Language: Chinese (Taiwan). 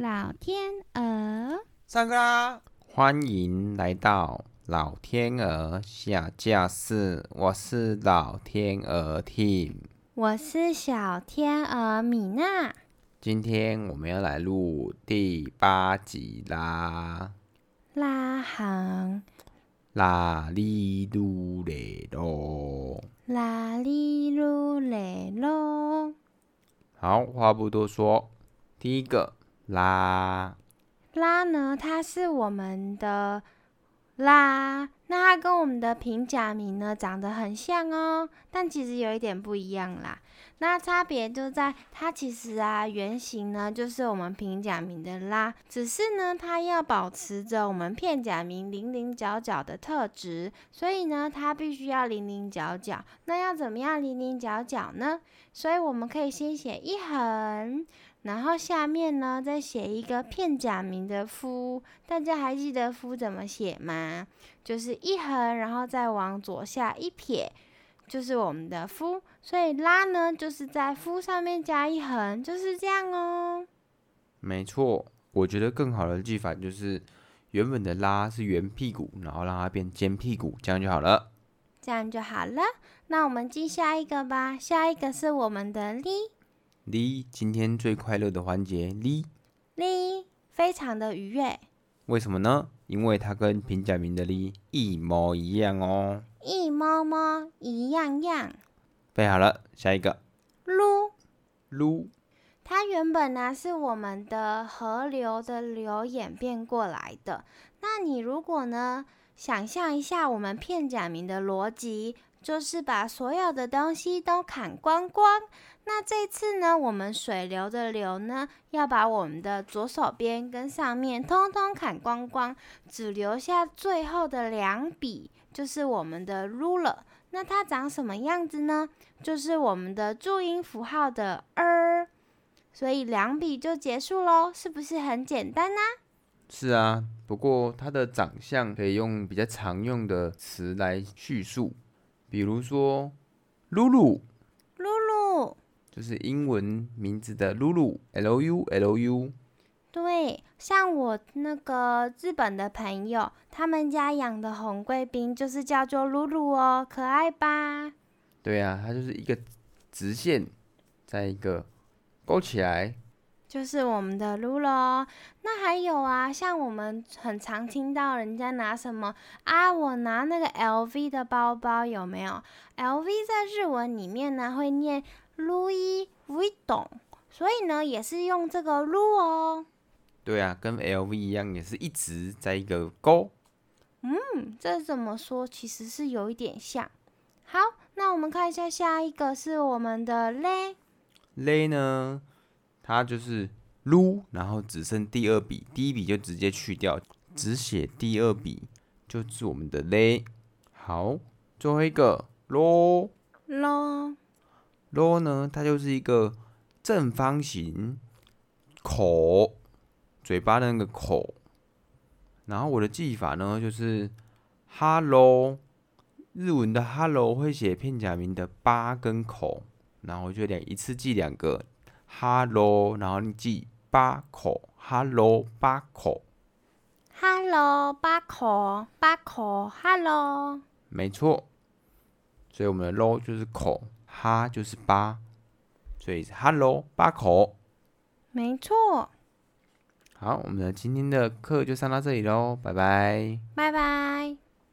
老天鵝，上課拉啦！歡迎來到老天鵝下架室。我是老天鵝 t e a m，我是小天鵝米娜。今天我們要來錄第八集啦！拉行，啦里路嘞隆，啦里路雷隆。露雷露，好，話不多說，第一個。拉拉呢？它是我們的拉，那它跟我們的平假名呢長得很像哦，但其實有一點不一樣啦。那差別就在它其實啊，原型，呢就是我們平假名的拉，只是呢它要保持着我們片假名零零角角的特質，所以呢它必須要零零角角。那要怎麼樣零零角角呢？所以我們可以先寫一橫，然後下面呢，再寫一個片假名的“フ”，大家還記得“フ”怎麼寫嗎？就是一橫，然後再往左下一撇，就是我們的“フ”。所以“拉”呢，就是在“フ”上面加一橫，就是這樣哦。沒錯，我覺得更好的記法就是，原本的“拉”是圓屁股，然後讓它變尖屁股，這樣就好了。這樣就好了。那我們記下一個吧，下一個是我們的“リ”。哩，今天最快樂的環節哩哩，非常的愉悅。為什麼呢？因為它跟平假名的哩一模一樣哦，一模模一樣樣。背好了，下一個。嚕嚕，嚕它原本呢是我們的河流的流演變過來的。那你如果呢，想象一下我們片假名的邏輯。就是把所有的東西都砍光光。那這次呢，我們水流的流呢，要把我們的左手邊跟上面通通砍光光，只留下最後的兩筆，就是我們的 ruler。那它長什麼樣子呢？就是我們的注音符號的 r。所以兩筆就結束嘍，是不是很簡單呢啊？是啊，不過它的長相可以用比較常用的詞來敘述。比如說，露露，露露，就是英文名字的露露，L、U、L、U。對，像我那個日本的朋友，他們家養的紅貴賓就是叫做露露哦，可愛吧？對啊，它就是一個直線，再一個勾起來。就是我們的嚕咯，那還有啊，像我們很常聽到人家拿什麼啊，我拿那個 L V 的包包有沒有？L V 在日文裡面呢會念 Louis Vuitton，所以呢也是用這個盧哦。對啊，跟 L V 一樣，也是一直在一個勾。嗯，這怎麼說？其實是有一點像。好，那我們看一下下一個是我們的勒。勒呢？它就是擼，然後只剩第二筆，第一筆就直接去掉，只寫第二筆，就是我們的嘞，好，最後一個咯咯咯呢，它就是一個正方形口，嘴巴的那個口。然後我的記法呢，就是哈嘍，日文的哈嘍會寫片假名的八跟口，然後我就連一次記兩個。哈嘍，Hello, 然後你記八口，哈嘍八口，哈嘍八口八口，哈嘍，Hello，沒錯。所以我們的“嘍”就是口，“哈”就是八，所以是“哈嘍八口”，沒錯。好，我們的今天的課就上到這裡嘍，拜拜，拜拜。